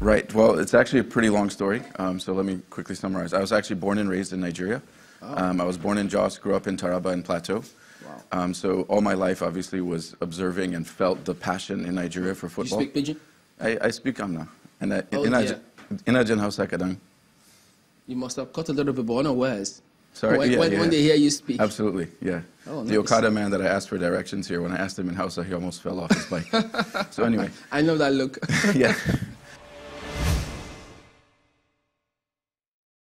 Right. Well, it's actually a pretty long story, um, so let me quickly summarize. I was actually born and raised in Nigeria. Oh. Um, I was born in Jos, grew up in Taraba and Plateau. Wow. Um, so all my life, obviously, was observing and felt the passion in Nigeria for football. Do you speak Pidgin? I, I speak Amna. And I, oh, in, yeah. in Ajin You must have caught a little bit, but unawares. Sorry, when, yeah, when, yeah. when, they hear you speak. Absolutely, yeah. Oh, the Okada man that I asked for directions here, when I asked him in Hausa, he almost fell off his bike. so anyway. I know that look. yeah.